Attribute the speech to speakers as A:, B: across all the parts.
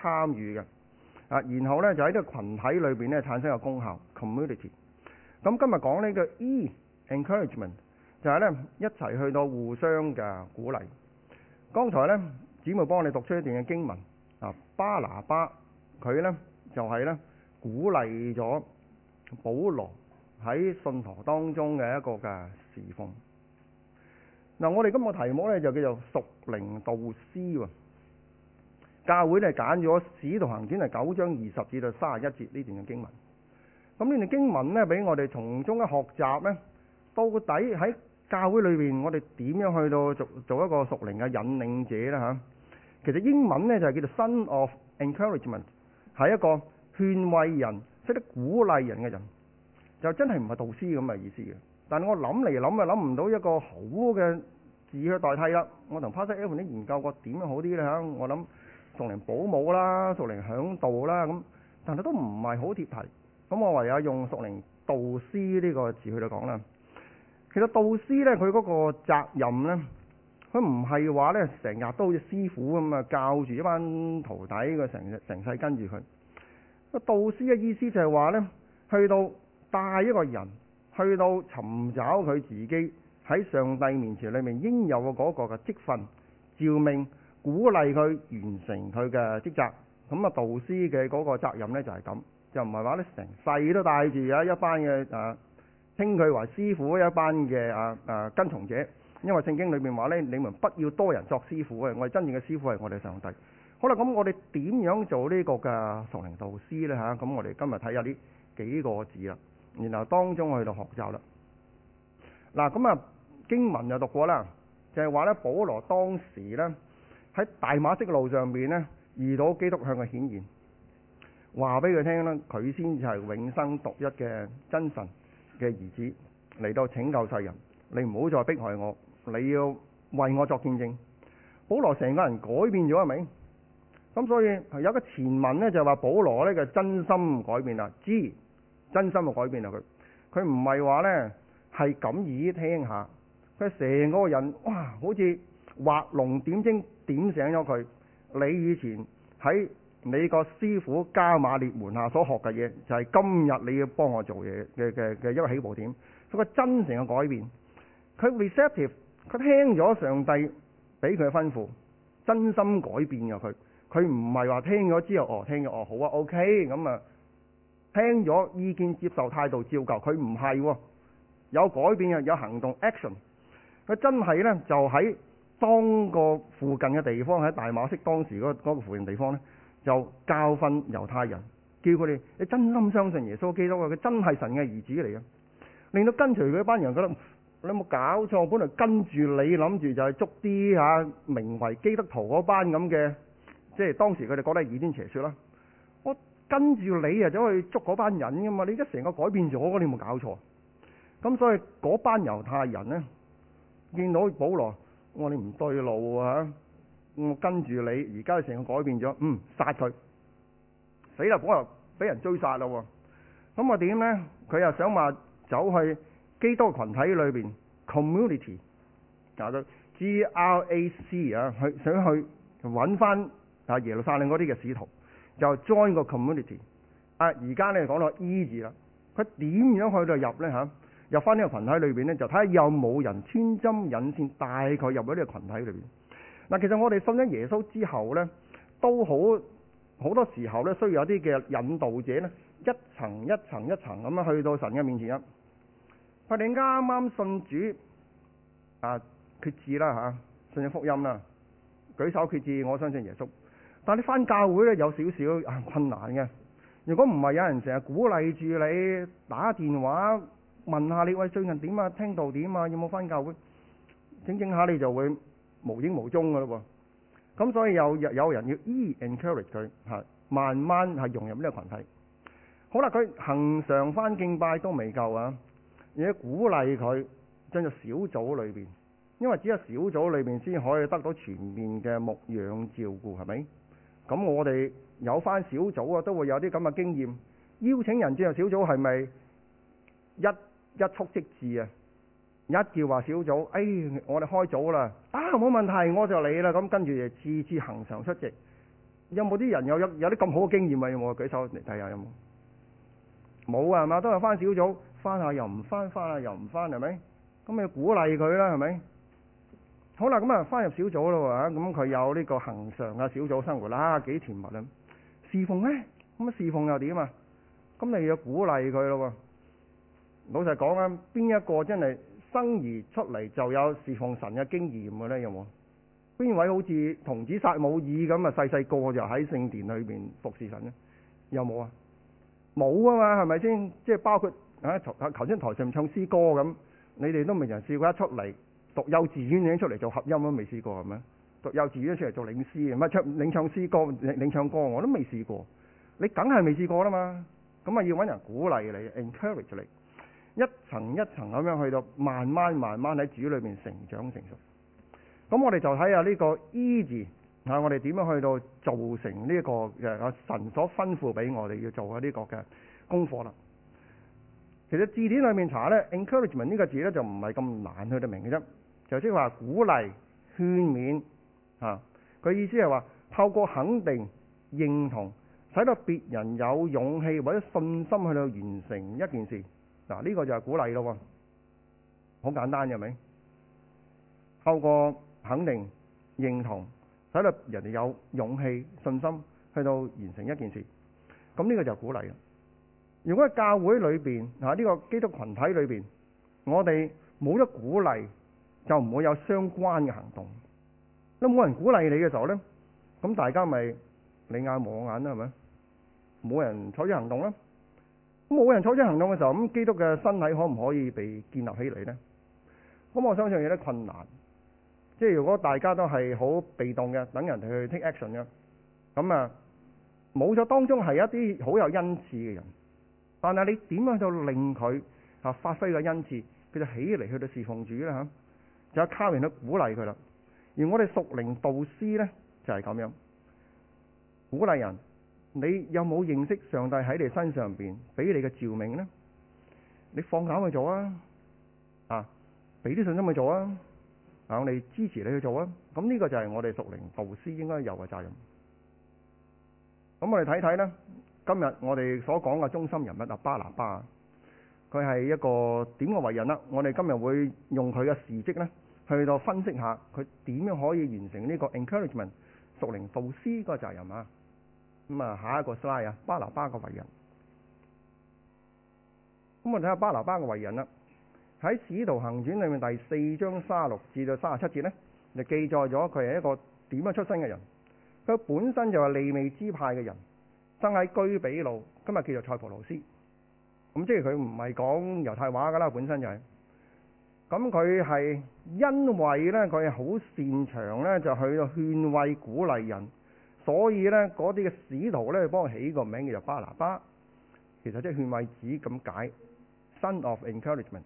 A: 參與嘅，啊，然後咧就喺呢個群體裏面咧產生嘅功效。Community。咁、啊、今日講呢個 E，encouragement，就係咧一齊去到互相嘅鼓勵。剛才咧姐妹幫你讀出一段嘅經文啊，巴拿巴佢咧就係、是、咧鼓勵咗保羅喺信徒當中嘅一個嘅侍奉。嗱、啊，我哋今日嘅題目咧就叫做屬靈導師喎。教會咧揀咗《使徒行傳》係九章二十至到三十一節呢段嘅經文。咁呢段經文呢，俾我哋從中一學習呢，到底喺教會裏面我哋點樣去到做做一個屬靈嘅引領者呢？其實英文呢，就係叫做 “son of encouragement”，係一個勸慰人、識得鼓勵人嘅人，就真係唔係導師咁嘅意思嘅。但我諗嚟諗去諗唔到一個好嘅字去代替啦。我同 Pastor Elvin 研究過點樣好啲呢？我諗。屬靈保姆啦，屬靈嚮導啦咁，但係都唔係好貼題。咁我唯有用「屬靈導師」呢個詞去到講啦。其實導師呢，佢嗰個責任呢，佢唔係話呢成日都好似師傅咁啊，教住一班徒弟佢成日成世跟住佢。導師嘅意思就係話呢，去到帶一個人，去到尋找佢自己喺上帝面前裏面應有嘅嗰個嘅職分、召命。鼓勵佢完成佢嘅職責，咁啊，導師嘅嗰個責任呢，就係咁，就唔係話呢成世都帶住啊一班嘅啊，稱佢為師傅一班嘅啊，啊跟從者，因為聖經裏面話呢，你們不要多人作師傅嘅，我哋真正嘅師傅係我哋上帝。好啦，咁我哋點樣做呢個嘅屬靈導師呢？吓，咁我哋今日睇下呢幾個字啦，然後當中去到學習啦。嗱，咁啊經文又讀過啦，就係話呢，保羅當時呢。喺大馬色路上面呢，遇到基督向佢顯現，話俾佢聽啦，佢先至係永生獨一嘅真神嘅兒子嚟到拯救世人。你唔好再迫害我，你要為我作見證。保羅成個人改變咗係咪？咁所以有個前文呢，就話保羅呢嘅真心改變啦，知真心改變啊佢，佢唔係話呢係咁耳聽一下，佢成個人哇好似。畫龍點睛，點醒咗佢。你以前喺你個師傅迦瑪列門下所學嘅嘢，就係、是、今日你要幫我做嘢嘅嘅嘅一個起步點。佢個真誠嘅改變，佢 receptive，佢聽咗上帝俾佢嘅吩咐，真心改變嘅佢。佢唔係話聽咗之後哦，聽咗哦好啊，OK 咁、嗯、啊，聽咗意見接受態度照舊，佢唔係有改變嘅有行動 action。佢真係呢，就喺。當個附近嘅地方喺大馬色，當時嗰個附近地方呢，就教訓猶太人，叫佢哋：你真心相信耶穌基督。佢真係神嘅兒子嚟嘅，令到跟隨佢班人覺得，你有冇搞錯？我本來跟住你諗住就係捉啲吓名為基督徒嗰班咁嘅，即係當時佢哋覺得係異端邪說啦。我跟住你啊，走去捉嗰班人噶嘛？你而家成個改變咗，你有冇搞錯？咁所以嗰班猶太人呢，見到保羅。我哋唔對路啊！我跟住你，而家成個改變咗，嗯，殺佢死啦！我又俾人追殺啦喎！咁我點呢？佢又想話走去基督群體裏面 community，嗱就 G R A C 啊，去想去揾翻啊耶路撒冷嗰啲嘅使徒，就 join 個 community。啊，而家呢講到 E 字啦，佢點樣去到入呢？入翻呢個群體裏面，咧，就睇下有冇人穿針引線帶佢入咗呢個群體裏面。嗱，其實我哋信咗耶穌之後呢都好好多時候呢，需要有啲嘅引導者呢一層一層一層咁樣去到神嘅面前啊！我哋啱啱信主啊，決志啦吓、啊，信咗福音啦，舉手決志，我相信耶穌。但係你翻教會呢，有少少困難嘅，如果唔係有人成日鼓勵住你，打電話。問下你喂，最近點啊？聽到點啊？有冇翻教會？整整下你就會無影無蹤噶咯喎。咁所以有有人要 e encourage 佢，慢慢係融入呢個群體。好啦，佢恒常翻敬拜都未夠啊，而且鼓勵佢進入小組裏邊，因為只有小組裏邊先可以得到全面嘅牧養照顧，係咪？咁我哋有翻小組啊，都會有啲咁嘅經驗。邀請人進入小組係咪一？一蹴即至啊！一叫話小組，哎，我哋開組啦，啊冇問題，我就嚟啦。咁跟住就自自恒常出席，有冇啲人有有啲咁好嘅經驗啊？有冇舉手嚟睇下有冇？冇啊，係嘛？都係翻小組，翻下又唔翻，翻下又唔翻，係咪？咁你鼓勵佢啦，係咪？好啦，咁啊翻入小組咯，咁佢有呢個恒常嘅小組生活啦，幾、啊、幾甜蜜啊！侍奉呢，咁啊侍奉又點啊？咁你要鼓勵佢咯。老實講啊，邊一個真係生而出嚟就有侍奉神嘅經驗嘅咧？有冇邊位好似童子撒母耳咁啊？細細個就喺聖殿裏邊服侍神呢？有冇啊？冇啊嘛，係咪先？即係包括啊，頭頭先台上不唱詩歌咁，你哋都未人試過，一出嚟讀幼稚園已經出嚟做合音都未試過，係咪？讀幼稚園出嚟做領詩，唔係出領唱詩歌領，領唱歌我都未試過，你梗係未試過啦嘛？咁啊，要揾人鼓勵你，encourage 你。一層一層咁樣去到，慢慢慢慢喺主裏面成長成熟看看，這個。咁、e、我哋就睇下呢個 e 字吓，我哋點樣去到造成呢個嘅神所吩咐俾我哋要做嘅呢個嘅功課啦。其實字典裏面查呢 encouragement 呢、這個字呢，就唔係咁難，去得明嘅啫，就即係話鼓勵、勸勉。佢意思係話透過肯定、認同，使到別人有勇氣或者信心去到完成一件事。嗱，呢個就係鼓勵咯，好簡單嘅，係咪？透過肯定、認同，使到人哋有勇氣、信心，去到完成一件事。咁、這、呢個就係鼓勵。如果喺教會裏邊，嚇、這、呢個基督群體裏邊，我哋冇咗鼓勵，就唔會有相關嘅行動。咁冇人鼓勵你嘅時候呢，咁大家咪、就是、你眼望眼啦，係咪？冇人採取行動啦。咁冇人採取行動嘅時候，咁基督嘅身體可唔可以被建立起嚟呢？咁我相信有啲困難，即係如果大家都係好被動嘅，等人哋去 take action 嘅，咁啊冇咗當中係一啲好有恩賜嘅人，但係你點樣就令佢啊發揮個恩賜，佢就起嚟去到侍奉主呢？就有靠人去鼓勵佢啦。而我哋屬靈導師呢，就係、是、咁樣鼓勵人。你有冇認識上帝喺你身上面俾你嘅召命呢？你放膽去做啊！啊，俾啲信心去做啊！啊，我哋支持你去做啊！咁呢個就係我哋屬靈導師應該有嘅責任。咁我哋睇睇啦，今日我哋所講嘅中心人物就巴拿巴，佢係一個點嘅為人啦？我哋今日會用佢嘅事蹟呢，去到分析下佢點樣可以完成呢個 encouragement 屬靈導師個責任啊！咁啊，下一個 slide 啊，巴拿巴嘅為人。咁我睇下巴拿巴嘅為人啦。喺《使徒行傳》裡面第四章三十六至到三十七節呢，就記載咗佢係一個點樣出身嘅人。佢本身就係利未支派嘅人，生喺居比路，今日叫做塞浦路斯。咁即係佢唔係講猶太話㗎啦，本身就係。咁佢係因為呢，佢係好擅長呢，就去到勸慰鼓勵人。所以咧，嗰啲嘅使徒咧，幫佢起個名叫做巴拿巴。其實即係勸慰子咁解，son of encouragement。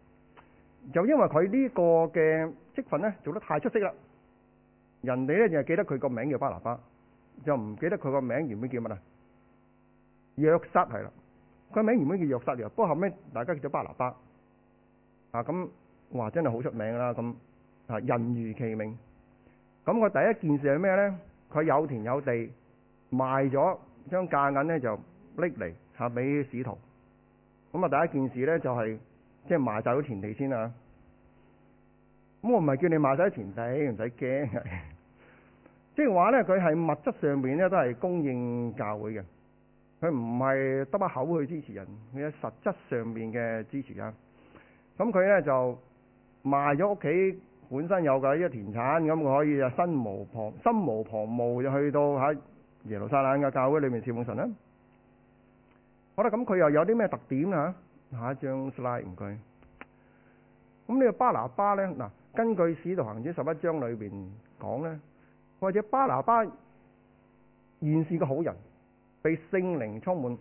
A: 就因為佢呢個嘅職份咧做得太出色啦，人哋咧就係記得佢個名叫巴拿巴，就唔記得佢個名原本叫乜啊？約瑟係啦，佢名原本叫約瑟約，不過後尾大家叫咗巴拿巴。啊，咁哇，真係好出名啦！咁啊，人如其名。咁佢第一件事係咩咧？佢有田有地，賣咗將價銀呢就拎嚟嚇俾使徒。咁啊，第一件事呢，就係、是、即係賣晒啲田地先啊。咁我唔係叫你賣晒啲田地，唔使驚。即係話呢，佢係物質上面呢都係供應教會嘅，佢唔係得把口去支持人，佢係實質上面嘅支持人啊。咁佢呢就賣咗屋企。本身有嘅一田產，咁，佢可以啊，心無旁心無旁騖就去到喺耶路撒冷嘅教會裏面侍奉神啦、啊。好啦，咁佢又有啲咩特點啊？下一張 slide 唔該。咁呢個巴拿巴呢，嗱、啊，根據《使徒行傳》十一章裏邊講咧，或者巴拿巴原是個好人，被聖靈充滿，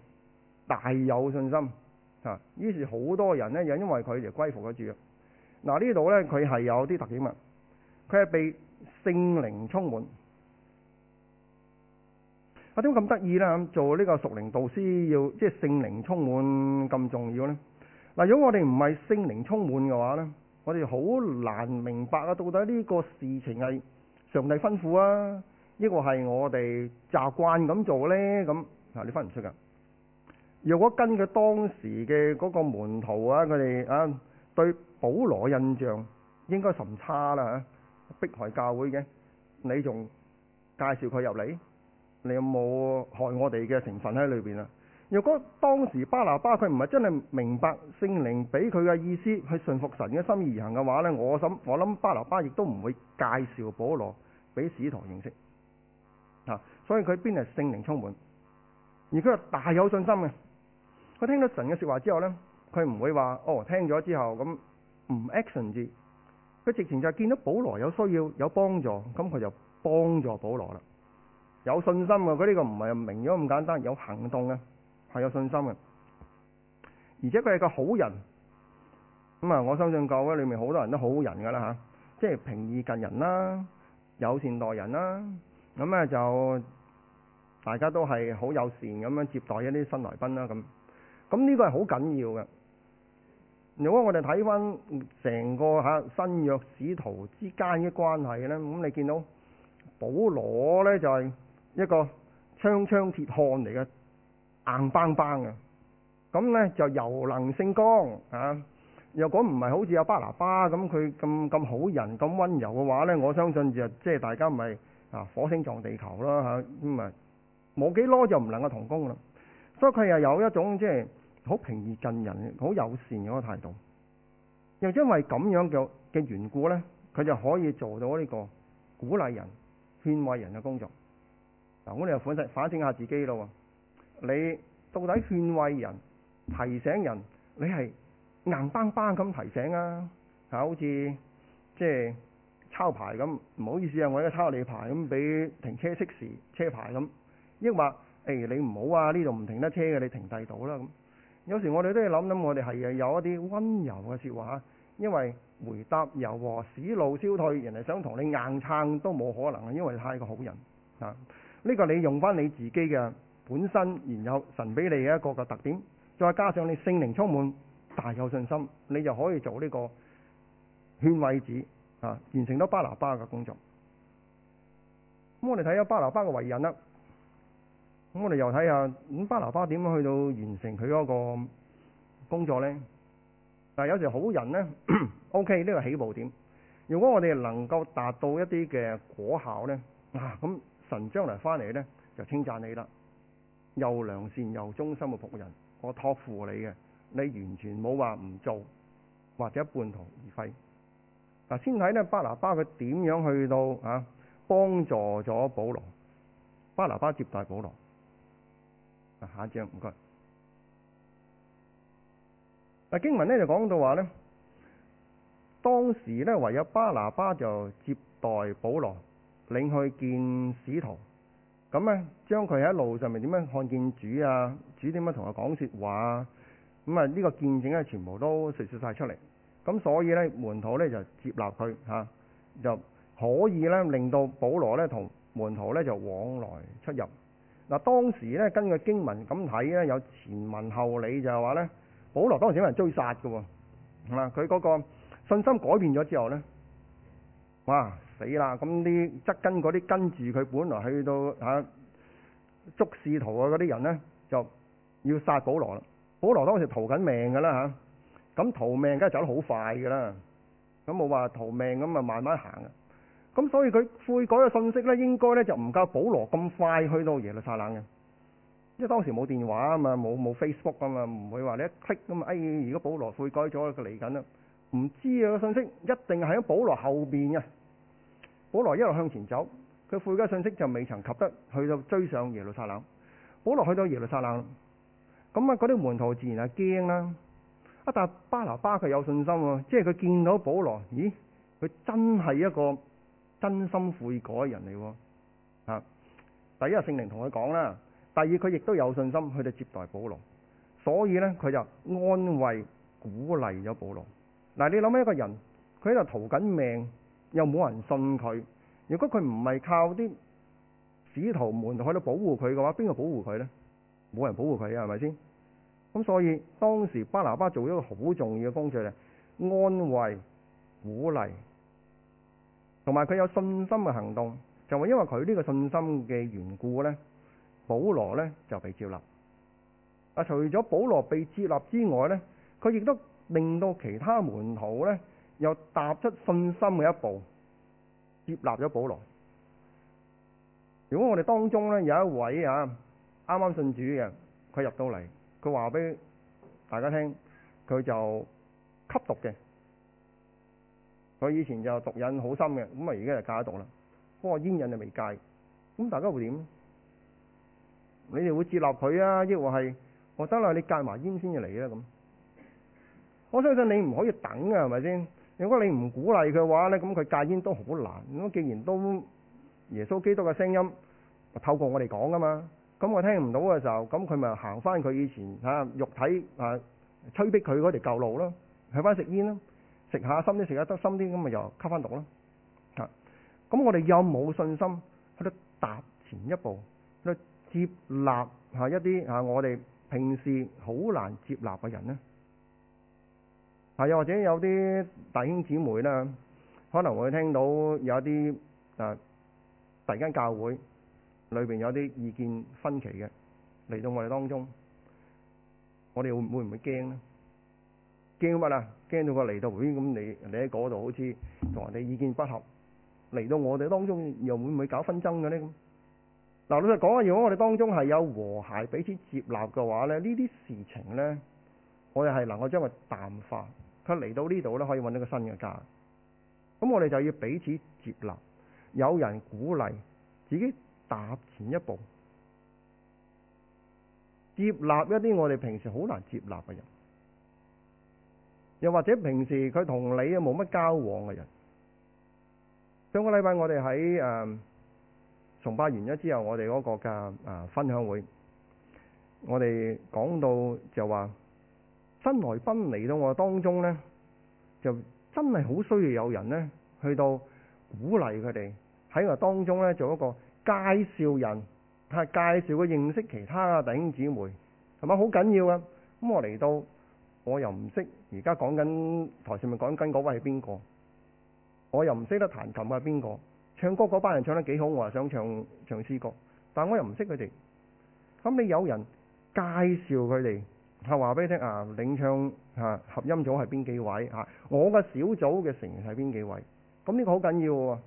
A: 大有信心嚇、啊，於是好多人呢，又因為佢就歸服咗主。嗱、啊，呢度呢，佢係有啲特點啊！佢係被聖靈充滿啊！點解咁得意呢？做呢個屬靈導師要即係聖靈充滿咁重要呢？嗱、啊，如果我哋唔係聖靈充滿嘅話呢，我哋好難明白啊！到底呢個事情係上帝吩咐啊，呢個係我哋習慣咁做呢？咁、啊、你分唔出噶。如果根據當時嘅嗰個門徒啊，佢哋啊對保羅印象應該甚差啦吓，迫害教會嘅，你仲介紹佢入嚟？你有冇害我哋嘅成分喺裏邊啊？如果當時巴拿巴佢唔係真係明白聖靈俾佢嘅意思去順服神嘅心意而行嘅話呢，我諗我諗巴拿巴亦都唔會介紹保羅俾使徒認識。所以佢邊係聖靈充滿，而佢係大有信心嘅。佢聽到神嘅說話之後呢，佢唔會話哦，聽咗之後咁。唔 action 字，佢直情就見到保羅有需要有幫助，咁佢就幫助保羅啦。有信心啊！佢呢個唔係明咗咁簡單，有行動呀，係有信心嘅，而且佢係個好人。咁啊，我相信教會裏面好多人都好人㗎啦吓，即係平易近人啦，友善待人啦。咁啊就大家都係好友善咁樣接待一啲新來賓啦。咁咁呢個係好緊要嘅。如果我哋睇翻成個嚇，啊、新約使徒之間嘅關係呢，咁你見到保羅呢就係，是，一個槍槍鐵漢嚟嘅，硬邦邦嘅，咁呢就柔能勝剛啊！若果唔係好似有巴拿巴咁佢咁咁好人咁溫柔嘅話呢，我相信就即係大家咪，就是，啊火星撞地球啦嚇，咁啊，冇幾耐就唔能夠同工啦，所以佢又有一種即係。就是好平易近人、好友善嗰個態度，又因為咁樣嘅嘅緣故呢，佢就可以做到呢個鼓勵人、勸慰人嘅工作。嗱，我哋反反省下自己咯。你到底勸慰人、提醒人，你係硬邦邦咁提醒啊？好似即係抄牌咁，唔好意思、欸、啊，我一抄你牌咁，俾停車熄匙車牌咁，抑或誒你唔好啊？呢度唔停得車嘅，你停第度啦咁。有時我哋都要諗諗，我哋係有一啲溫柔嘅說話，因為回答柔和，使怒消退，人哋想同你硬撐都冇可能啊，因為你太過好人啊。呢個你用翻你自己嘅本身然有神俾你嘅一個個特點，再加上你聖靈充滿、大有信心，你就可以做呢個勸慰子啊，完成咗巴拿巴嘅工作。咁我哋睇下巴拿巴嘅為人啦。咁我哋又睇下咁巴拿巴點樣去到完成佢個工作咧？但有時好人咧，O K 呢 okay, 這個起步點。如果我哋能夠達到一啲嘅果效咧，啊咁神將來翻嚟咧就稱讚你啦，又良善又忠心嘅僕人，我託付你嘅，你完全冇話唔做或者半途而廢。嗱，先睇咧巴拿巴佢點樣去到啊幫助咗保羅。巴拿巴接待保羅。下一章唔該。啊，經文咧就講到話咧，當時咧唯有巴拿巴就接待保羅，領去見使徒。咁咧，將佢喺路上面點樣看見主啊，主點樣同佢講說話，咁啊呢個見證咧全部都說說晒出嚟。咁所以咧，門徒咧就接納佢嚇，就可以咧令到保羅咧同門徒咧就往來出入。當時咧，根據經文咁睇咧，有前文後理就係話咧，保羅當時有人追殺㗎喎，係嘛？佢嗰個信心改變咗之後咧，哇死啦！咁啲側根嗰啲跟住佢，本來去到嚇、啊、捉使徒嘅嗰啲人咧，就要殺保羅啦。保羅當時逃緊命㗎啦嚇，咁逃命梗係走得好快㗎啦，咁我話逃命咁啊，就慢慢行啊！咁所以佢悔改嘅信息呢，應該呢就唔夠保羅咁快去到耶路撒冷嘅，因為當時冇電話啊嘛，冇冇 Facebook 啊嘛，唔會話你一 click 咁啊、哎！如果保羅悔改咗，佢嚟緊啦，唔知啊個信息一定係喺保羅後邊嘅。保羅一路向前走，佢悔改嘅信息就未曾及得去到追上耶路撒冷。保羅去到耶路撒冷，咁啊嗰啲門徒自然係驚啦。啊，但係巴拿巴佢有信心喎，即係佢見到保羅，咦，佢真係一個。真心悔改人嚟喎，第一，聖靈同佢講啦；第二，佢亦都有信心去到接待保羅，所以呢，佢就安慰鼓勵咗保羅。嗱，你諗下一個人，佢喺度逃緊命，又冇人信佢。如果佢唔係靠啲使徒們去到保護佢嘅話，邊個保護佢呢？冇人保護佢啊，係咪先？咁所以當時巴拿巴做咗一個好重要嘅工作咧，安慰鼓勵。同埋佢有信心嘅行動，就係因為佢呢個信心嘅緣故呢，保羅呢就被接納。啊，除咗保羅被接納之外呢，佢亦都令到其他門徒呢又踏出信心嘅一步，接納咗保羅。如果我哋當中呢有一位啊啱啱信主嘅，佢入到嚟，佢話俾大家聽，佢就吸毒嘅。佢以前就毒癮好深嘅，咁啊而家就戒咗毒啦。不過煙癮就未戒，咁大家會點？你哋會接納佢啊？抑或係，我得啦，你戒埋煙先至嚟啦咁。我相信你唔可以等啊，係咪先？如果你唔鼓勵嘅話呢，咁佢戒煙都好難。咁既然都耶穌基督嘅聲音透過我哋講㗎嘛，咁我聽唔到嘅時候，咁佢咪行翻佢以前吓、啊、肉體啊催逼佢嗰條舊路咯，去翻食煙咯。.食下深啲，食下得深啲，咁咪又吸翻毒咯。啊，咁我哋有冇信心去到踏前一步，去接納下一啲我哋平時好難接納嘅人呢，又或者有啲弟兄姊妹啦，可能會聽到有啲啊，第間教會裏面有啲意見分歧嘅嚟到我哋當中，我哋會唔會驚呢？驚乜啊？驚到佢嚟到會咁，你你喺嗰度好似同人哋意見不合，嚟到我哋當中又會唔會搞紛爭嘅呢？咁嗱，老實講啊，如果我哋當中係有和諧、彼此接納嘅話咧，呢啲事情呢，我哋係能夠將佢淡化。佢嚟到呢度呢，可以揾到個新嘅家。咁我哋就要彼此接納，有人鼓勵自己踏前一步，接納一啲我哋平時好難接納嘅人。又或者平時佢同你冇乜交往嘅人，上個禮拜我哋喺誒崇拜完咗之後，我哋嗰個嘅啊分享會，我哋講到就話新來賓嚟到我當中呢，就真係好需要有人呢去到鼓勵佢哋喺我當中呢做一個介紹人，介紹佢認識其他弟兄姊妹，係咪好緊要啊？咁我嚟到。我又唔識，而家講緊台上面講緊嗰位係邊個？我又唔識得彈琴係邊個？唱歌嗰班人唱得幾好，我又想唱唱詩歌，但我又唔識佢哋。咁你有人介紹佢哋話俾你聽啊？領唱、啊、合音組係邊幾位我嘅小組嘅成員係邊幾位？咁、啊、呢個好緊要喎、啊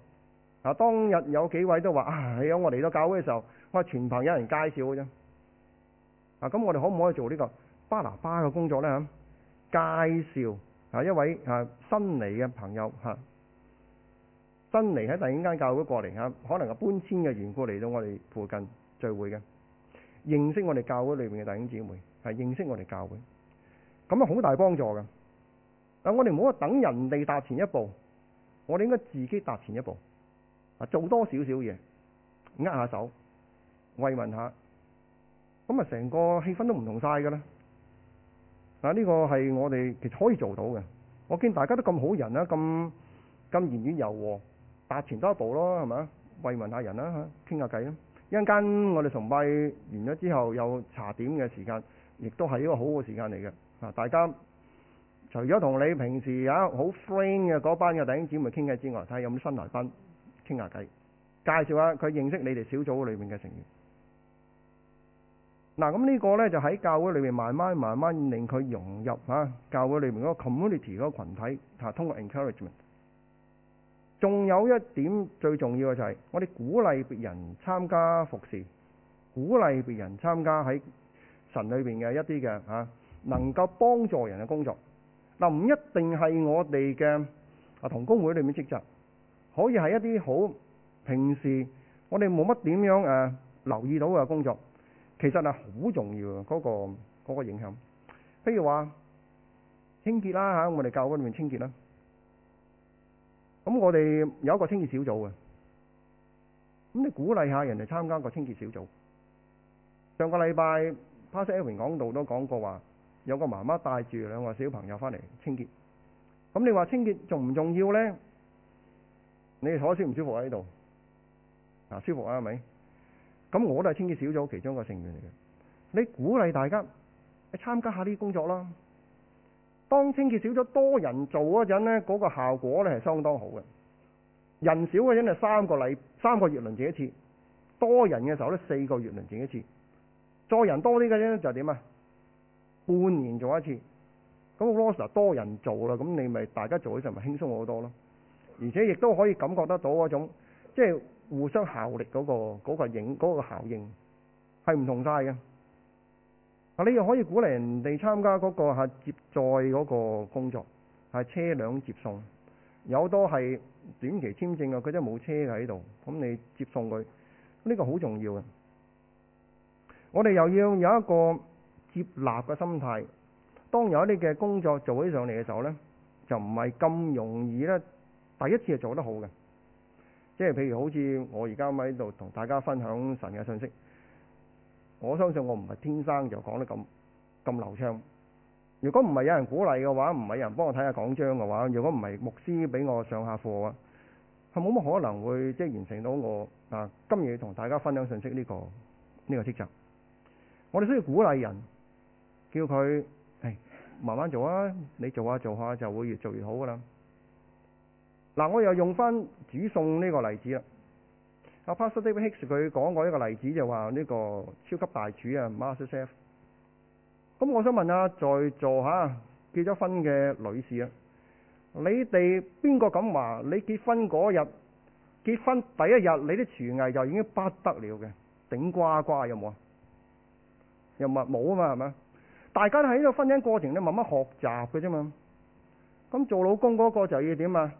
A: 啊。當日有幾位都話啊，有、哎、我嚟到教會嘅時候，我全憑有人介紹嘅啫。咁、啊、我哋可唔可以做呢個巴拿巴嘅工作呢？介紹啊一位啊新嚟嘅朋友吓，新嚟喺第二間教會過嚟吓，可能係搬遷嘅緣故嚟到我哋附近聚會嘅，認識我哋教會裏面嘅弟兄姊妹，係認識我哋教會，咁啊好大幫助㗎。但我哋唔好等人哋踏前一步，我哋應該自己踏前一步，啊做多少少嘢，握下手，慰問下，咁啊成個氣氛都唔同晒㗎啦。嗱、啊，呢、這個係我哋其實可以做到嘅。我見大家都咁好人啦，咁咁言語柔和，踏前多一步咯，係咪慰問，問人、啊啊、下人啦，傾下計啦。一陣間我哋崇拜完咗之後，有茶點嘅時間，亦都係一個好嘅時間嚟嘅。啊，大家除咗同你平時啊好 friend 嘅嗰班嘅弟兄姊妹傾偈之外，睇下有冇新來賓傾下計，介紹下佢認識你哋小組裏面嘅成員。嗱、這個，咁呢個咧就喺教會裏面慢慢慢慢令佢融入吓、啊、教會裏面嗰 community 嗰群體，吓、啊、通過 encouragement。仲有一點最重要嘅就係、是，我哋鼓勵別人參加服侍，鼓勵別人參加喺神裏邊嘅一啲嘅嚇，能夠幫助人嘅工作。嗱、啊，唔一定係我哋嘅啊同工會裏面職責可以係一啲好平時我哋冇乜點樣誒、啊、留意到嘅工作。其實係好重要嘅嗰個嗰個影響，譬如話清潔啦嚇，我哋教會裡面清潔啦，咁我哋有一個清潔小組嘅，咁你鼓勵下人哋參加個清潔小組。上個禮拜 Pastor Evelyn 講道都講過話，有個媽媽帶住兩個小朋友翻嚟清潔，咁你話清潔重唔重要咧？你哋坐得舒唔舒服啊？呢度啊舒服啊？係咪？咁我都係清潔小組其中一個成員嚟嘅。你鼓勵大家去參加下呢啲工作啦。當清潔小組，多人做嗰陣呢，嗰、嗰個效果呢係相當好嘅。人少嗰陣係三個禮三個月輪值一次，多人嘅時候呢，四個月輪值一次。再人多啲嘅呢，就點啊？半年做一次。咁嗰個時候多人做啦，咁你咪大家做起上咪輕鬆好多咯。而且亦都可以感覺得到嗰種即係。就是互相效力嗰個嗰個影嗰個效應係唔同晒嘅。啊，你又可以鼓勵人哋參加嗰個接載嗰個工作，係車輛接送。有多係短期簽證嘅，佢都冇車喺度，咁你接送佢，呢個好重要嘅。我哋又要有一個接納嘅心態。當有一啲嘅工作做起上嚟嘅時候呢，就唔係咁容易呢。第一次係做得好嘅。即係譬如好似我而家喺度同大家分享神嘅信息，我相信我唔係天生就講得咁咁流暢。如果唔係有人鼓勵嘅話，唔係有人幫我睇下講章嘅話，如果唔係牧師俾我上下課啊，係冇乜可能會即係、就是、完成到我、啊、今日同大家分享信息呢、個呢、個職責。我哋需要鼓勵人，叫佢係慢慢做啊！你做下、啊、做下、啊、就會越做越好㗎啦。嗱、啊，我又用翻煮餸呢個例子啊，阿 Pastor David Hicks 佢講過一個例子，就話、是、呢個超級大廚啊，Master Chef。咁我想問啊，在座下結咗婚嘅女士啊，你哋邊個敢話？你結婚嗰日、結婚第一日，你啲廚藝就已經不得了嘅，頂呱呱，呱有冇啊？又唔係冇啊嘛，係咪大家喺呢個婚姻過程你慢慢學習嘅啫嘛。咁做老公嗰個就要點啊？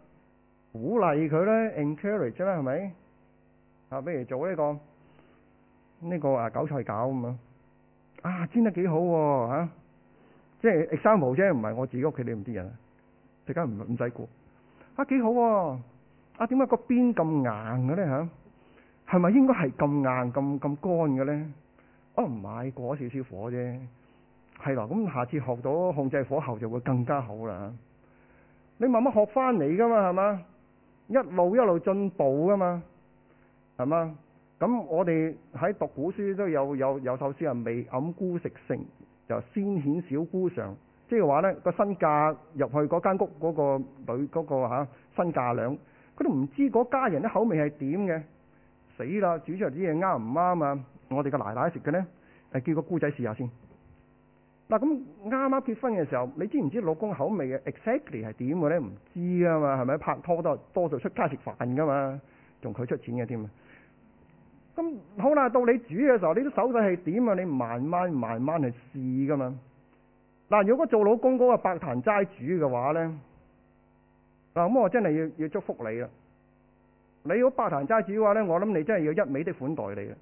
A: 鼓勵佢呢 encourage 啦，係咪啊？比如做呢個呢個啊韭菜餃咁啊，煎得幾好吓、啊啊，即係 example 啫，唔係我自己屋企你唔啲人，即刻唔唔使估，啊，幾好啊？點解個邊咁硬嘅呢？吓？係咪應該係咁硬咁咁乾嘅呢？哦唔係，過咗少少火啫，係啦，咁下次學到控制火候就會更加好啦、啊。你慢慢學翻嚟噶嘛，係嘛？一路一路進步㗎嘛，係嘛？咁我哋喺讀古書都有有有首詩係「未諳姑食性」，就先遣小姑嘗，即係話呢新、那個、那個那個那個啊、新嫁入去嗰間屋嗰個女嗰個嚇新嫁娘，佢都唔知嗰家人嘅口味係點嘅，死啦，煮出嚟啲嘢啱唔啱啊！我哋個奶奶食嘅呢，誒叫個姑仔試下先。嗱咁啱啱結婚嘅時候，你知唔知老公口味嘅 exactly 係點嘅呢？唔知啊嘛，係咪拍拖都多數出街食飯㗎嘛，仲佢出錢嘅添。咁好啦，到你煮嘅時候，你啲手勢係點啊？你慢慢慢慢去試㗎嘛。嗱，如果做老公嗰個百彈齋主嘅話呢，嗱咁我真係要要祝福你啦。你如果百彈齋主嘅話呢，我諗你真係要一味的款待你啦。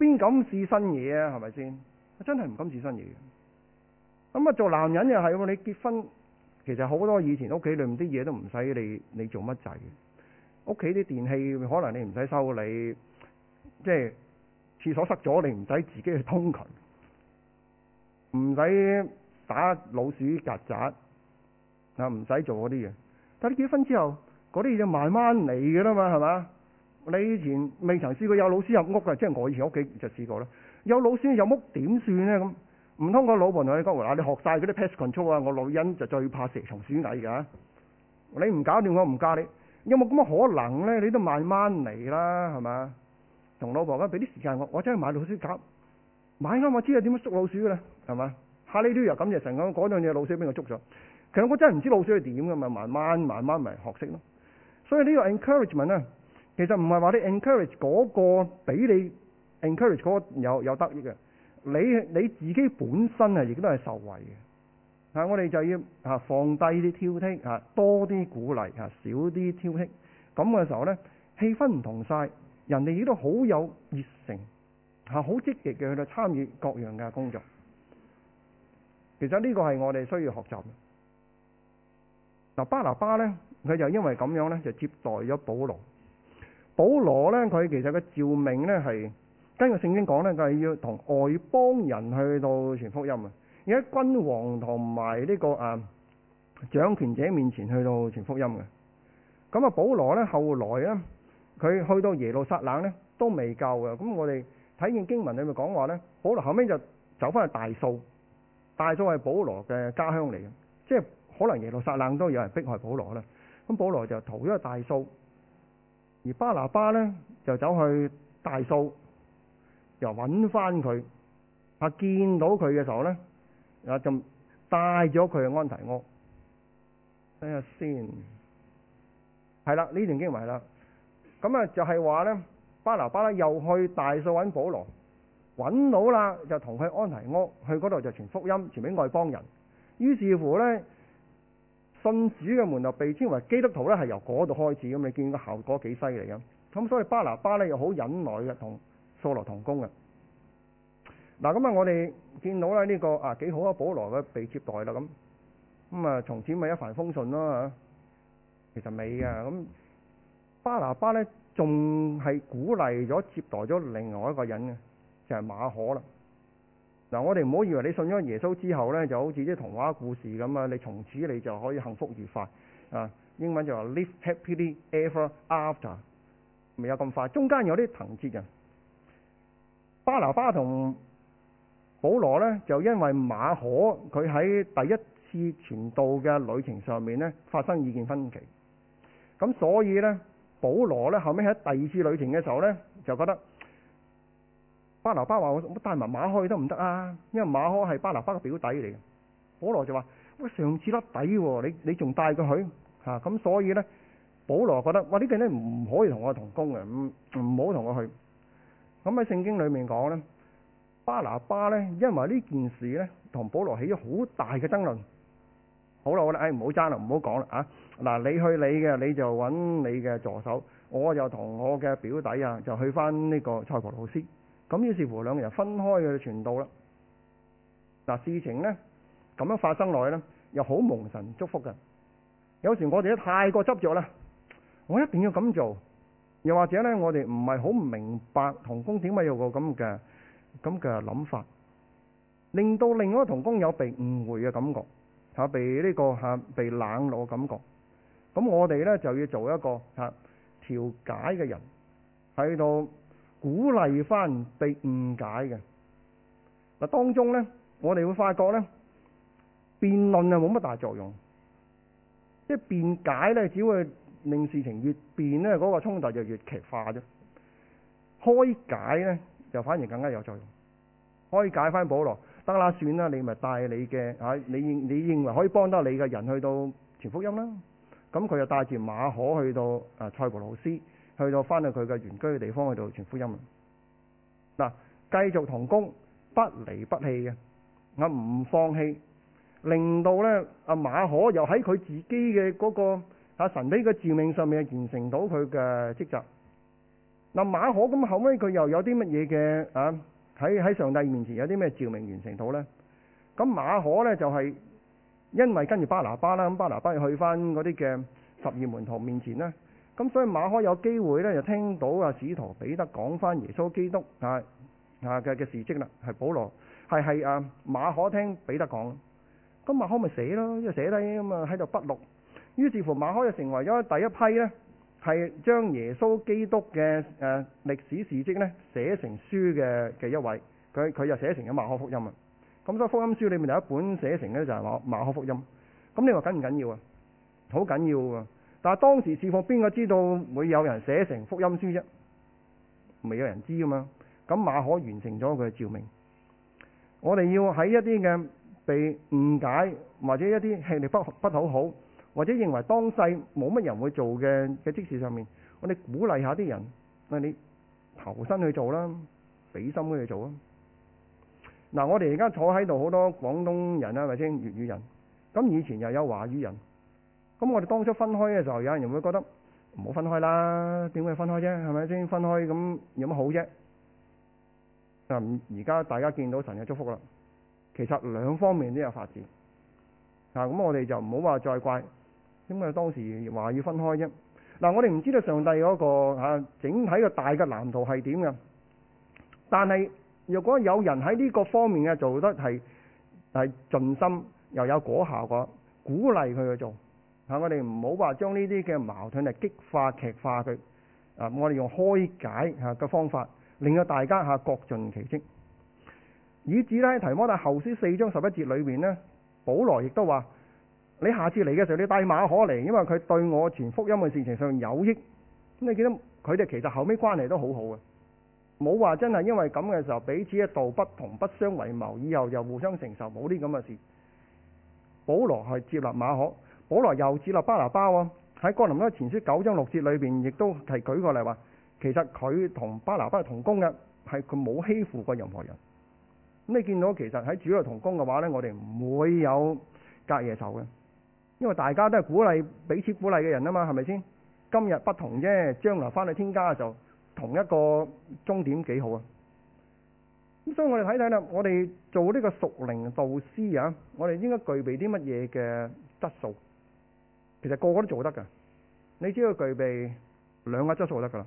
A: 邊敢試新嘢啊？係咪先？真係唔敢試新嘢。咁啊，做男人又係喎，你結婚其實好多以前屋企裏面啲嘢都唔使你你做乜滯。屋企啲電器可能你唔使修理，即係廁所塞咗你唔使自己去通渠，唔使打老鼠曱甴啊，唔使做嗰啲嘢。但你結婚之後，嗰啲嘢就慢慢嚟嘅啦嘛，係嘛？你以前未曾試過有老鼠入屋嘅，即係我以前屋企就試過啦。有老鼠有屋點算呢？咁，唔通個老婆同你講話你學晒嗰啲 pest control 啊！我女人就最怕蛇蟲鼠蟻㗎。你唔搞掂我唔嫁你。有冇咁嘅可能呢？你都慢慢嚟啦，係嘛？同老婆咁俾啲時間我，我真係買老鼠夾，買啱我知係點樣捉老鼠嘅啦，係嘛？哈利路亞，感謝神咁，嗰兩隻老鼠俾我捉咗。其實我真係唔知老鼠係點㗎，咪慢慢慢慢咪學識咯。所以呢個 encouragement 啊，其實唔係話你 encourage 嗰個俾你。Encourage 嗰個有有得益嘅，你你自己本身啊，亦都係受惠嘅。啊，我哋就要啊放低啲挑剔，啊多啲鼓勵，啊少啲挑剔。咁嘅時候呢，氣氛唔同晒，人哋亦都好有熱誠，嚇好積極嘅去到參與各樣嘅工作。其實呢個係我哋需要學習。嗱，巴拿巴呢，佢就因為咁樣呢，就接待咗保羅。保羅呢，佢其實個召命呢係。根據聖經講呢就係、是、要同外邦人去到傳福音現在、這個、啊。而喺君王同埋呢個啊掌權者面前去到傳福音嘅咁啊。保羅呢，後來呢佢去到耶路撒冷呢都未夠嘅。咁我哋睇見經文裏面講話呢，保羅後尾就走翻去大數，大數係保羅嘅家鄉嚟嘅，即係可能耶路撒冷都有人逼害保羅啦。咁保羅就逃咗去大數，而巴拿巴呢，就走去大數。就揾翻佢，啊，見到佢嘅時候呢，啊就帶咗佢去安提阿。睇下先，係啦，呢段經文係啦。咁啊，就係話呢，巴拿巴呢又去大數揾保羅，揾到啦，就同佢去安提阿，去嗰度就傳福音，傳俾外邦人。於是乎呢，信主嘅門徒被稱為基督徒呢係由嗰度開始咁。你見到效果幾犀利㗎。咁所以巴拿巴呢又好忍耐嘅，同。多羅同工嘅嗱，咁啊，我哋見到啦、這、呢個啊幾好啊！保羅嘅被接待啦，咁咁啊，從此咪一帆風順咯、啊、其實未啊，咁巴拿巴呢仲係鼓勵咗接待咗另外一個人嘅，就係、是、馬可啦。嗱、啊，我哋唔好以為你信咗耶穌之後呢就好似啲童話故事咁啊，你從此你就可以幸福愉快啊。英文就話 live happily ever after，未有咁快，中間有啲騰跌嘅。巴拿巴同保羅呢，就因為馬可佢喺第一次傳道嘅旅程上面發發生意見分歧，咁所以呢，保羅呢後尾喺第二次旅程嘅時候呢，就覺得巴拿巴話，我帶帶埋馬可去都唔得啊，因為馬可係巴拿巴嘅表弟嚟嘅，保羅就話喂，上次甩底喎、啊，你你仲帶佢去咁、啊、所以呢，保羅覺得喂，呢件、這個、呢，唔可以同我同工嘅，唔唔好同我去。咁、嗯、喺聖經裏面講呢，巴拿巴呢，因為呢件事呢，同保羅起咗好大嘅爭論。好啦好啦，唉，唔好爭啦，唔好講啦啊！嗱，你去你嘅，你就揾你嘅助手，我就同我嘅表弟啊，就去翻呢個塞浦路斯。咁於是乎兩個人分開嘅傳道啦。嗱、啊，事情呢，咁樣發生落去呢，又好蒙神祝福嘅。有時我哋都太過執着啦，我一定要咁做。又或者咧，我哋唔係好唔明白同工點解有個咁嘅咁嘅諗法，令到另外一個同工有被誤會嘅感覺，嚇被呢、呢個嚇被冷落嘅感覺。咁我哋咧就要做一個嚇調解嘅人，喺度鼓勵翻被誤解嘅。當中咧，我哋會發覺咧，辯論啊冇乜大作用，即辯解咧，只會。令事情越變呢，嗰、那個衝突就越劇化啫。開解呢就反而更加有作用。開解翻保羅，得啦算啦，你咪帶你嘅、啊、你認你認為可以幫得你嘅人去到傳福音啦。咁佢就帶住馬可去到啊塞浦路斯，去到翻去佢嘅原居嘅地方去到傳福音。嗱、啊，繼續同工，不離不棄嘅，我唔放棄，令到呢阿馬可又喺佢自己嘅嗰、那個。啊、神喺個召命上面完成到佢嘅職責。嗱、啊、馬可咁後尾，佢又有啲乜嘢嘅啊？喺喺上帝面前有啲咩召命完成到呢？咁馬可呢，就係、是、因為跟住巴拿巴啦，咁巴拿巴去去翻嗰啲嘅十二門徒面前呢。咁所以馬可有機會呢，就聽到啊使徒彼得講翻耶穌基督啊啊嘅嘅事蹟啦。係保羅係係啊馬可聽彼得講，咁馬可咪寫咯，即係寫低咁嘛喺度筆錄。於是乎，馬可就成為咗第一批呢係將耶穌基督嘅、呃、歷史事蹟呢寫成書嘅嘅一位。佢佢又寫成咗《馬可福音》啊。咁所以福音書裏面有一本寫成呢，就係馬可福音。咁你話緊唔緊要啊？好緊要，但係當時似乎，邊個知道會有人寫成福音書啫？未有人知㗎嘛。咁馬可完成咗佢嘅召命。我哋要喺一啲嘅被誤解或者一啲氣力不不討好。或者認為當世冇乜人會做嘅嘅職事上面，我哋鼓勵下啲人，嗱你投身去做啦，畀心去做啊！嗱，我哋而家坐喺度好多廣東人啦，係咪先？粵語人，咁以前又有華語人，咁我哋當初分開嘅時候，有人又會覺得唔好分開啦，點會分開啫？係咪先？分開咁有乜好啫？嗱，而家大家見到神嘅祝福啦，其實兩方面都有發展啊！咁我哋就唔好話再怪。因為當時話要分開啫。嗱、啊，我哋唔知道上帝嗰、嗰個、啊、整體嘅大嘅藍圖係點嘅，但係如果有人喺呢個方面嘅做得係係盡心又有果效嘅，鼓勵佢去做。嚇，我哋唔好話將呢啲嘅矛盾嚟激化劇化佢。啊，我哋、啊、用開解嚇嘅方法，令到大家嚇各盡其職。以至呢，《提摩太後書》四章十一節裏面呢，保羅亦都話，你下次嚟嘅時候，你帶馬可嚟，因為佢對我傳福音嘅事情上有益。咁你見到佢哋其實後尾關係都好好嘅，冇話真係因為咁嘅時候彼此一度不同不相為謀，以後又互相承受冇啲咁嘅事。保羅係接納馬可，保羅又接納巴拿巴喎。喺哥林多前書九章六節裏面，亦都係舉過嚟話，其實佢同巴拿巴係同工嘅，係佢冇欺負過任何人。咁你見到其實喺主內同工嘅話呢，我哋唔會有隔夜仇嘅。因為大家都係鼓勵彼此鼓勵嘅人啊嘛，係咪先？今日不同啫，將來翻去天家就同一個終點幾好啊！咁所以我哋睇睇啦，我哋做呢個屬靈導師啊，我哋應該具備啲乜嘢嘅質素？其實個個都做得噶，你只要具備兩個質素就得噶啦。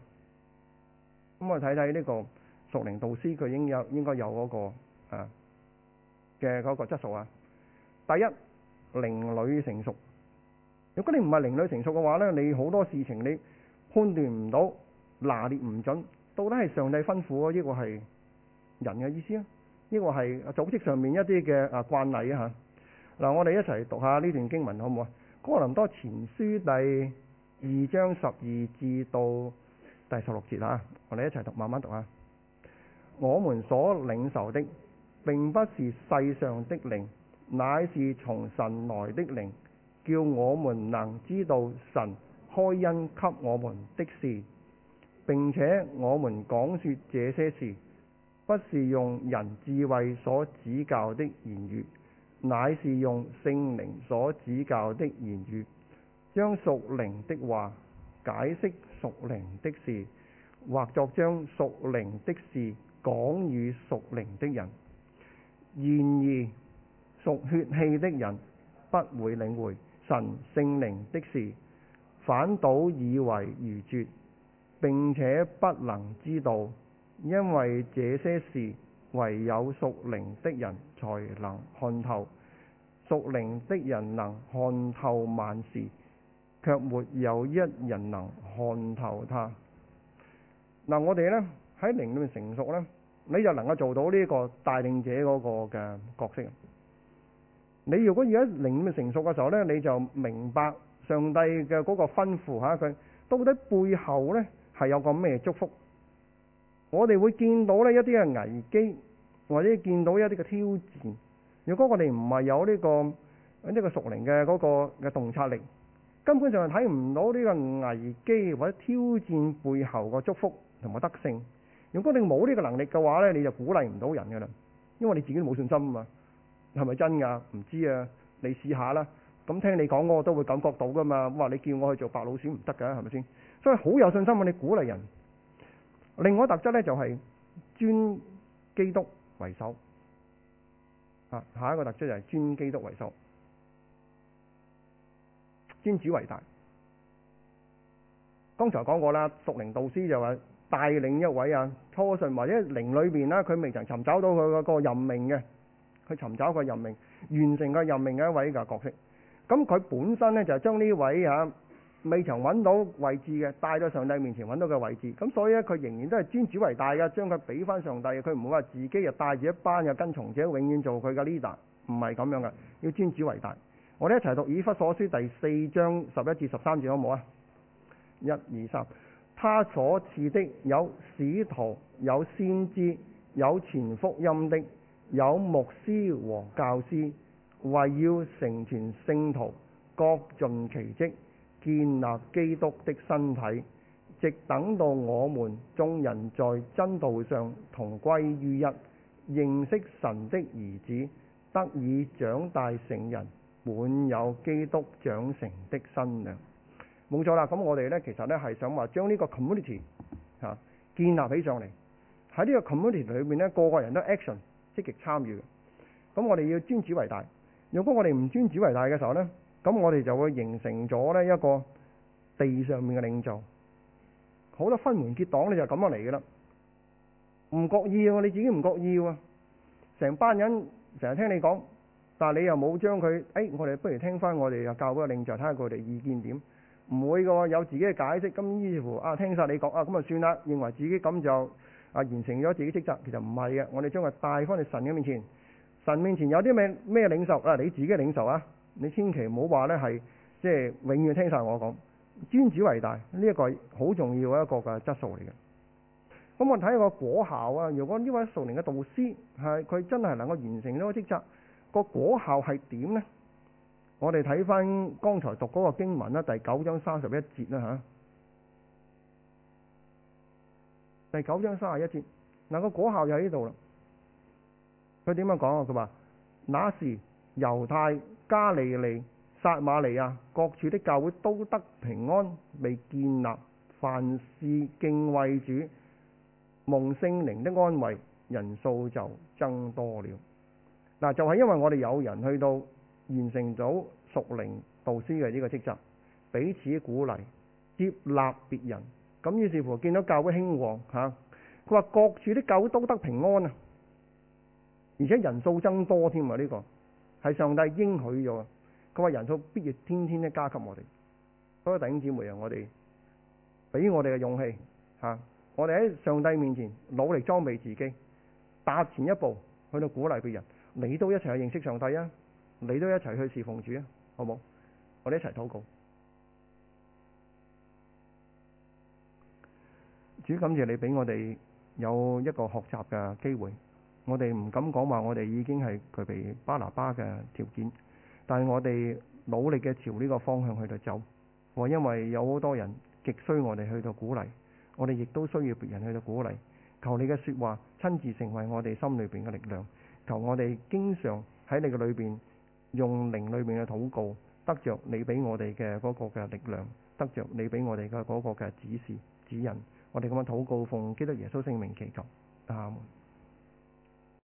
A: 咁我哋睇睇呢個屬靈導師佢應該有應該有嗰、嗰個啊嘅嗰個質素啊。第一，靈女成熟。如果你唔係靈裏成熟嘅話呢，你好多事情你判斷唔到，拿捏唔準，到底係上帝吩咐啊，抑或係人嘅意思啊？呢個係組織上面一啲嘅啊慣例啊吓。嗱，我哋一齊讀一下呢段經文好唔好啊？哥林多前書第二章十二至到第十六節，我哋一齊讀，慢慢讀一下。 我們所領受的，並不是世上的靈，乃是從神來的靈。叫我們能知道神開恩給我們的事，並且我們講説這些事，不是用人智慧所指教的言語，乃是用聖靈所指教的言語，將屬靈的話解釋屬靈的事，或作將屬靈的事講與屬靈的人。然而，屬血氣的人不會領會。神聖靈的事，反倒以為愚拙，並且不能知道，因為這些事唯有屬靈的人才能看透。屬靈的人能看透萬事，卻沒有一人能看透他。嗱，我哋呢，喺靈裏面成熟呢，你就能夠做到呢個帶領者嗰個嘅角色。你如果而家靈成熟嘅時候呢，你就明白上帝嘅嗰個吩咐吓，佢到底背後呢係有個咩祝福？我哋會見到呢一啲嘅危機，或者見到一啲嘅挑戰。如果我哋唔係有呢、呢個呢、呢個屬靈嘅嗰個嘅洞察力，根本上係睇唔到呢個危機或者挑戰背後嘅祝福同埋得勝。如果你冇呢個能力嘅話呢，你就鼓勵唔到人嘅啦，因為你自己冇信心啊嘛。係咪真噶？唔知啊，你試下啦。咁聽你講，我都會感覺到噶嘛。哇！你叫我去做白老鼠唔得噶，係咪先？所以好有信心。我你鼓勵人。另外一個特質咧就係、是、尊基督為首。啊，下一個特質就係尊基督為首，尊主為大。剛才講過啦，屬靈導師就話帶領一位啊，初信或者靈裏面啦、啊，佢未曾尋找到佢個個任命嘅。去尋找個任命，完成個任命嘅一位嘅角色。咁佢本身咧就係、是、將呢位、啊、未曾揾到位置嘅，帶到上帝面前揾到嘅位置。咁所以咧，佢仍然都係尊主為大嘅，將佢俾翻上帝。佢唔會話自己又帶住一班又跟從者，永遠做佢嘅 leader，唔係咁樣嘅。要尊主為大。我哋一齊讀以弗所書第四章十一至十三節好冇啊？一、二、三。他所賜的有使徒，有先知，有傳福音的，有牧師和教師為要成全聖徒，各盡其職，建立基督的身體，直等到我們眾人在真道上同歸於一，認識神的兒子，得以長大成人，滿有基督長成的身量。冇錯啦！咁我哋咧其實咧係想話將呢個 community 啊建立起上嚟，喺呢個 community 裏面，咧，個個人都 action。積極參與，咁我哋要尊主為大。如果我哋唔尊主為大嘅時候呢，咁我哋就會形成咗呢一個地上面嘅領袖，好多分門結黨你就咁樣嚟嘅啦。唔覺意喎，你自己唔覺意喎，成班人成日聽你講，但係你又冇將佢，誒、欸，我哋不如聽翻我哋教會嘅領袖睇下佢哋意見點，唔會喎，有自己嘅解釋。咁於是乎，啊，聽晒你講，啊，咁啊算啦，認為自己咁就。啊！完成咗自己職責，其實唔係嘅。我哋將佢帶翻去神嘅面前，神面前有啲咩咩領受啊？你自己嘅領受啊！你千祈唔好話呢係即係永遠聽晒我講，尊主為大，呢、這個、一個係好重要一個嘅質素嚟嘅。咁我睇個果效啊！如果呢位屬靈嘅導師係佢真係能夠完成呢個職責，個果效係點呢？我哋睇翻剛才讀嗰個經文啦，第九章三十一節啦吓。第九章三十一節，嗱、那個果效就喺呢度啦。佢點樣講啊？佢話，那時猶太、加利利、撒瑪利亞各處的教會都得平安，未建立，凡事敬畏主、蒙聖靈的安慰，人數就增多了。嗱，就係因為我哋有人去到完成咗屬靈導師嘅呢個職責，彼此鼓勵、接納別人。咁於是乎見到教會興旺嚇，佢、啊、話各處啲教會都得平安啊，而且人數增多添啊！呢、這個係上帝應許咗。佢話人數必要天天都加給我哋，所以弟兄姊妹啊，我哋俾我哋嘅勇氣，我哋喺上帝面前努力裝備自己，踏前一步去到鼓勵別人，你都一齊去認識上帝啊，你都一齊去侍奉主啊，好冇？我哋一齊禱告。主感謝你俾我哋有一個學習嘅機會。我哋唔敢講話，我哋已經係具備巴拿巴嘅條件，但係我哋努力嘅朝呢個方向去度走。我因為有好多人極需我哋去度鼓勵，我哋亦都需要別人去度鼓勵。求你嘅說話親自成為我哋心裏面嘅力量。求我哋經常喺你嘅裏面用靈裏面嘅禱告，得著你俾我哋嘅嗰個嘅力量，得著你俾我哋嘅嗰個嘅指示指引。我哋咁樣禱告，奉基督耶穌聖名祈求，阿門。